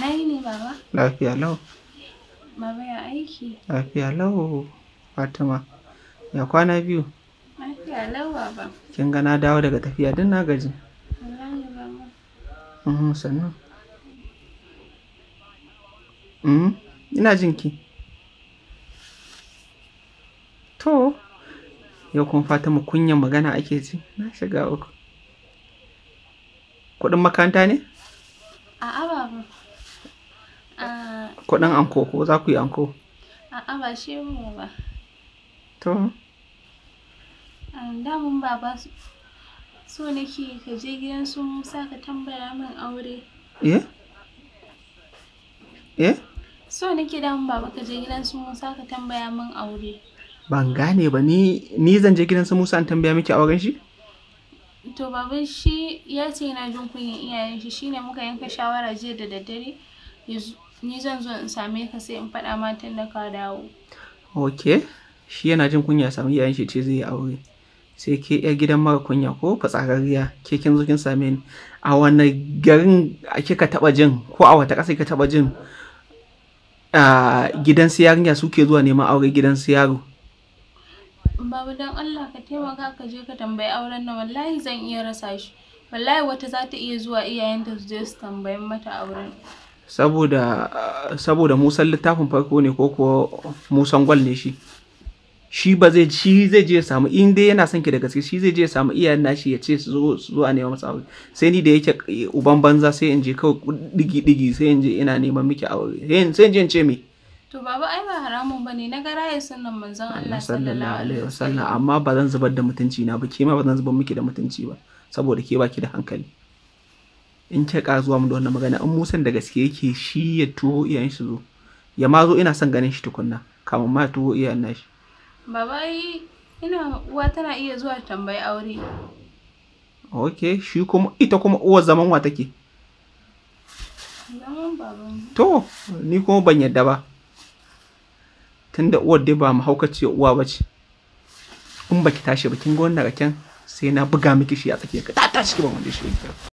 Na ne baba. Lafiya lau. Baba ya aiki. Lafiya lau Fatima. Ya kwana biyu. Lafiya lau baba. Kin ga na dawo daga tafiya din na gaji. Wallahi baba. Mhm sannan. Mhm ina jin ki. To yau kuma Fatima kunyan magana ake ji na shiga uku. Kuɗin makaranta ne? A'a baba. kuɗin anko ko za ku yi anko? A'a ba shi mu ba. To? Damun ba ba so nake ka je gidan su Musa ka tambaya min aure. Eh? Eh? So nake damun ba ka je gidan su Musa ka tambaya min aure. Ban gane ba ni ni zan je gidan su Musa an tambaya miki auren shi? To baban shi ya ce yana jin kunyin iyayen shi shine muka yanka shawara jiya da daddare ni zan zo in same ka sai in faɗa matan da ka dawo ok shi yana jin kunya sami yayin shi ce zai yi aure sai ke yar gidan mara kunya ko fatsararriya ke kin zo kin same ni a wani garin kika taba jin ko a wata ƙasa kika taba jin gidan su yarinya suke zuwa neman aure gidan su yaro babu don Allah ka taimaka ka je ka tambayi auren na wallahi zan iya rasa shi wallahi wata za ta iya zuwa iyayenta su je su tambayi mata auren saboda saboda musan littafin farko ne ko kuwa musan gwal ne shi shi ba zai shi zai je samu in dai yana son ki da gaske shi zai je samu iyayen nashi ya ce su zo su a nema masa aure sai ni da yake uban banza sai in je kawai digi digi sai in je ina neman miki aure sai in je in ce me to baba ai ba haramun bane na ga raye sunnan manzon Allah sallallahu alaihi wasallam amma ba zan zubar da mutunci na ba ke ma ba zan zubar miki da mutunci ba saboda ke baki da hankali in ke ka zuwa mu da wannan magana in musan da gaske yake shi ya tuho iyayen shi zo ya ma zo ina son ganin shi tukunna kamar ma tuho iyayen nashi baba ina uwa tana iya zuwa tambayi aure ok shi kuma ita kuma uwar zaman wa take zaman baban to ni kuma ban yadda ba tunda uwar dai ba mahaukaci uwa ba ce in baki tashi ba kin ga wannan raken sai na buga miki shi a tsakiyar ka ta tashi ki ban wanda shi